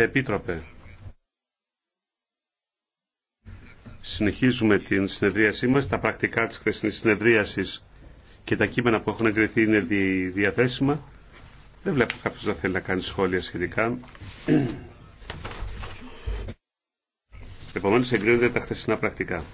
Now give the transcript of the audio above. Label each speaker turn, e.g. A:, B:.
A: Επίτροπε,
B: συνεχίζουμε την συνεδρίασή μας. Τα πρακτικά της χθεσινής συνεδρίασης και τα κείμενα που έχουν εγκριθεί είναι διαθέσιμα. Δεν βλέπω κάποιος να θέλει να κάνει σχόλια σχετικά. Επομένως εγκρίνονται τα χθεσινά πρακτικά.